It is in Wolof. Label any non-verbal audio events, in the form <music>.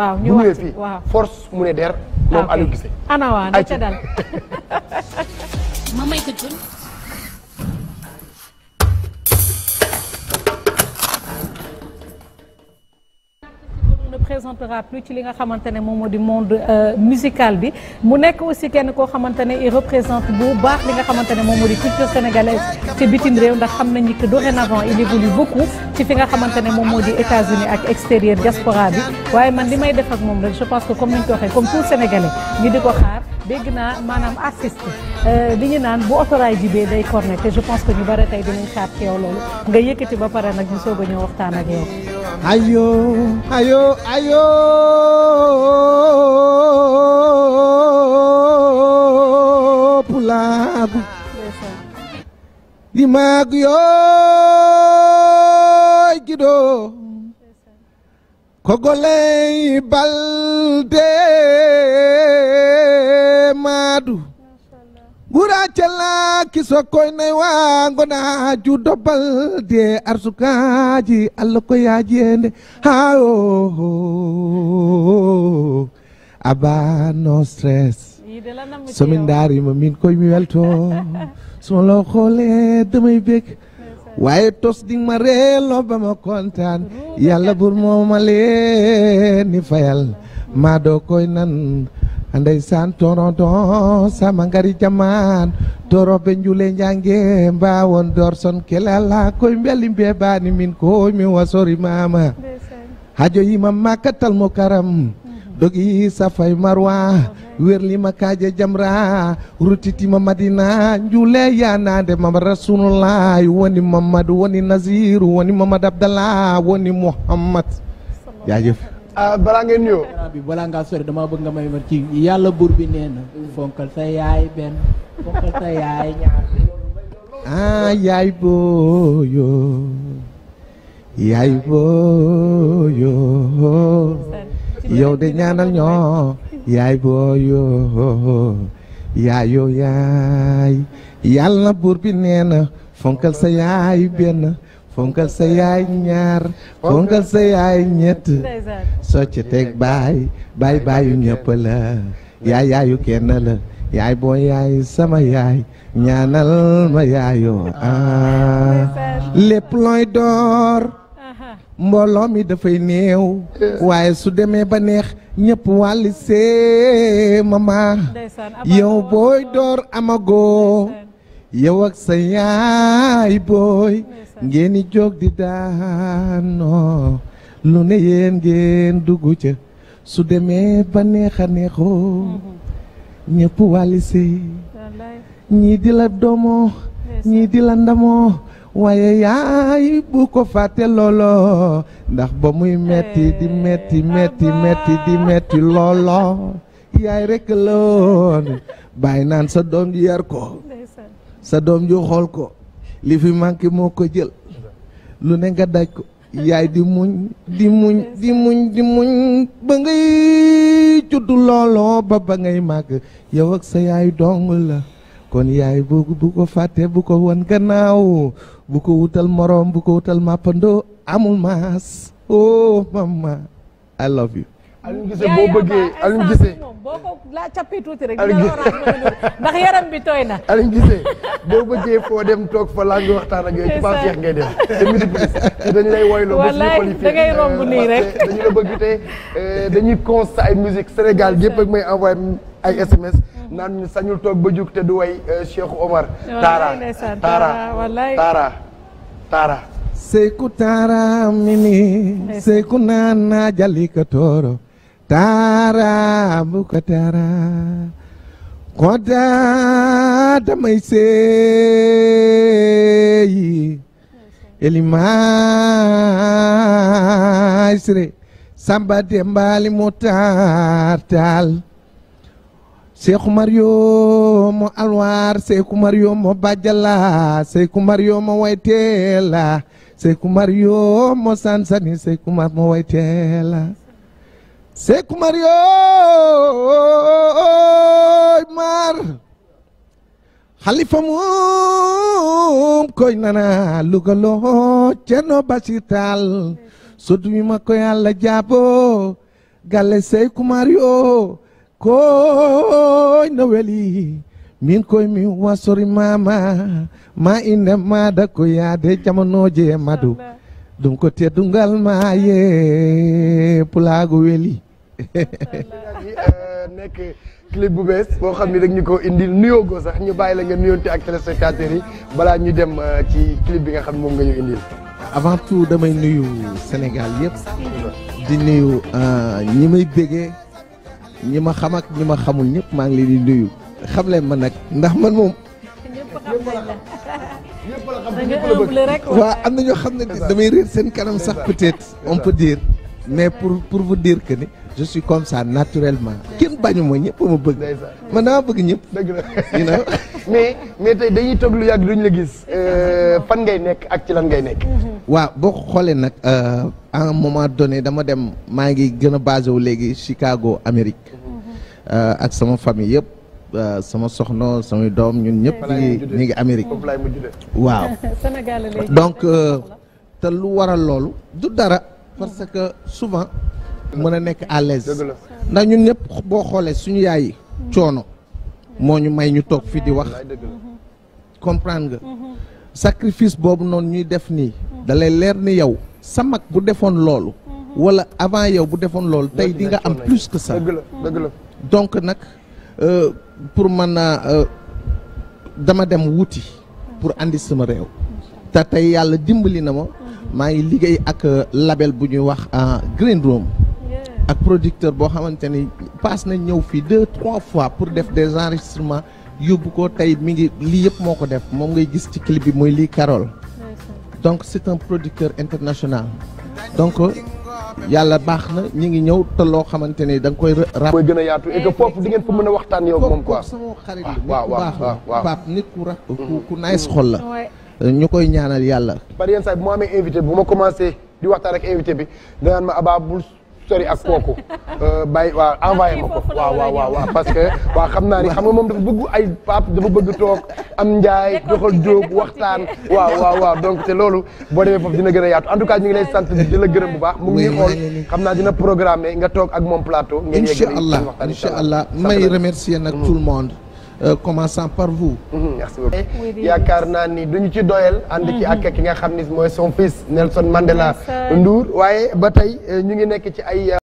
waaw ñu wax ci force mu ne der moom ah, Aliou Guissé na ca dal <laughs> ma may présentera plus ci li nga xamante ne moom moo di monde euh, musical bi mu nekk aussi kenn koo xamante ne il représente bu baax li nga xamante ne moom moo di culture sénégalaise ci bitim réew ndax xam nañu que dorénavant il évolue beaucoup ci fi nga xamante ne moom moo di États-Unis ak extérieur diaspora bi waaye man li may def ak moom rek je pense que comme ni ñu waxee comme tout sénégalais ñu di ko xaar dégg naa maanaam artiste euh, li ñu naan bu autoraay jibee day cornet te je pense que ñu bare tey dinañ xaar ci yow loolu nga yëkkati ba pare nag ñu soog a ñëw waxtaan ak yow. ayo ayo ayo pro lago yooy gidoo ko goley balde maadu wura calla kiso koy nay wa ngona dobbal de arsukaaji allah ko yaajende ha o aba no stress somin daarima min koye mi welto <laughs> suma lo xoole damay bég waaye tos ding ma reelo ba ma kontaan yàlla bur mooma leeni fayal maa doo koy nan ndeysaan toronton sama ngari jaman toroɓe juule jangue mbawon dorson kelala koye beeli mbebani min ko mi wasorimama hajoyima makkatal mo karam mhm. dogi safay marwa werlima kaje jamra rutitima madina juule yanade mama rasulullah woni mamadou woni nasiru woni mamadou abdallah woni mouhammad a ah, balaa ngeen nuyoo. balaa ngaa sori damaa bëgg nga may ma ci yàlla buur bi nee na. fonkal sa yaay benn fonkal sa yaay ñaar. ah yaay booyo yaay booyo yow de ñaanal ñoo yaay booyo yaayoo buur bi nee na fonkal sa yaay benn. fonkal sa yaay ñaar fonkal sa yaay ñett socc teg baay baay baayu ñëpp la yaay yaayu kenn la yaay boo yaay sama yaay ñaanal ma yaayoo ah lépp looy door mbooloo mi dafay néew waaye su demee ba neex ñëpp wàlli see mama yow booy door amagoo yow ak sa yaay booy ngeen di di daanoo lu ne yen ngeen dugg ca su demee ba neex neexoo mm-hmm. ñëpp wàllise ñii di la domo ñii di la ndamoo waaye yaay bu ko fàtte loolo ndax ba muy metti di eh, metti metti metti di metti loolo yaay rekk la woon naan sa doom yar ko sa doom ju xool ko li fi manqué moo ko jël lu ne nga daj ko yaay di muñ di muñ di muñ di muñ ba ngay juddu looloo ba ba ngay màgg yow ak sa yaay dong la kon yaay bu bu ko fàtte bu ko won gannaaw bu ko wutal moroom bu ko wutal màppandoo amul maas oh mama I love Aliou Gissé boo bëggee Aliou Gissé boo ko laa cappee tuuti rek. ndax yaram bi tooy na. Aliou Gissé boo bëggee foo dem toog fa laa ngi waxtaan a yooyu tubaab jeex dem. te musique bi dañu lay woyloo. wallaay romb nii euh, rek dañu la bëgg te euh, dañuy constat ay musique Sénégal yëpp ak may envoyé ay SMS. Mhm. naan sañul toog ba jug te du way euh, Cheikh Omar. Taara Taara Taara Taara. mini. Seku Nana Jalika Toro. taara bu ko taara kontaan damay seeyi elimaay sire samba dembaali mu taar taal Seeku Mario mo alwaar Seeku Mario mo bajala Seeku Mario mo wayteela Seeku Mario mo sansani Seeku Mar mo wayteela Sékou Marioy Mar Khalifa moom koy nana Louga loo Cerno Bachir Tall ma koy Yàlla jàppoo galle Sékou Mario koy na weli min koy mi wasori mama ma inde ma da ko yaade jamanooje madu dum ko teddungal ma ye pulaago weli nekk clip bu bees boo xam ni rek ñu ko indil nuyoo ko sax ñu bàyyi la nga nuyoonte ak téléspectateurs yi balaa ñu dem euh, ci clip bi nga xam moom nga ñu indil. avant tout damay nuyu Sénégal yëpp. di nuyu euh, ñi may bégee ñi ma xam ak ñi ma xamul ñëpp maa ngi leen nuyu. xam leen ma nag ndax man moom. waaw am na ñoo xam ne damay réer seen kanam sax peut-être on peut dire mais pour pour vous diir que je suis comme ça naturellement kenn bañu ma ñëpp ma bëgg man naa bëgg ñëpp dëgg <laughs> mais dañuy toog lu yàgg duñ la gis euh, fan ngay nekk ak ci lan ngay nekk mm-hmm. waaw boo xoolee nag euh, à un moment donné dama dem maa ngi gën a basé wu léegi Chicago Amérique mm-hmm. euh, ak sama famille yëpp sama soxna samay doom ñun ñëpp ñu ngi Amérique waaw <laughs> donc te lu waral loolu du dara parce que souvent mën a nekk à l'aise ndax ñun ñëpp boo xoolee suñu yaay yi coono moo ñu may ñu toog fii di wax comprendre nga mhm. sacrifice boobu noonu ñuy def nii dalay leer ni yow sa mag bu defoon loolu mhm. wala avant yow bu defoon loolu tey di nga am plus que ça donc nag euh, pour man euh, dama dem wuti pour andi sama réew te tey yàlla dimbali na ma mhm. maa ngi liggéey ak euh, label bu ñuy wax Green Room ak producteur boo xamante ni paas nañ ñëw fii deux trois fois pour def des enregistrements yóbbu ko tey mi ngi lii yëpp moo ko def moom ngay gis ci clip bi mooy lii Carole donc c'est un producteur international donc yàlla baax na ñi ngi ñëw te loo xamante ni da koy rab mooy gën a yaatu et que foofu di ngeen fa mën a waxtaan yow moom quoi sama xarit la ah, nit ku baax la Pape nit ku ra ku mm-hmm. nice xol la ñu koy ñaanal yàlla par yenn saa bu ma amee invité bu ma commencé di waxtaan sori ak kooku euh, bàyyi waaw ah, envoyé ma ko waaw waaw waaw que waaw xam naa ni xam nga moom dafa bëgg ay pap dafa bëgg toog am njaay doxal jóg waxtaan waaw waaw waaw donc te loolu boo foofu dina gën a yaatu en tout cas ñu ngi lay sant di la gërëm bu baax mu ngi xool xam naa dina programmé nga toog ak moom plateau ngeen yegg incha allah incha allah may remercier nag tout le monde Euh, commençant par vous. Mhm. merci beaucoup yaakaar naa ni duñu ci doyal. ànd ci ak ki nga xam ni mooy son fils Nelson Mandela. nduur waaye ba tey euh, ñu ngi nekk ci ay. Euh,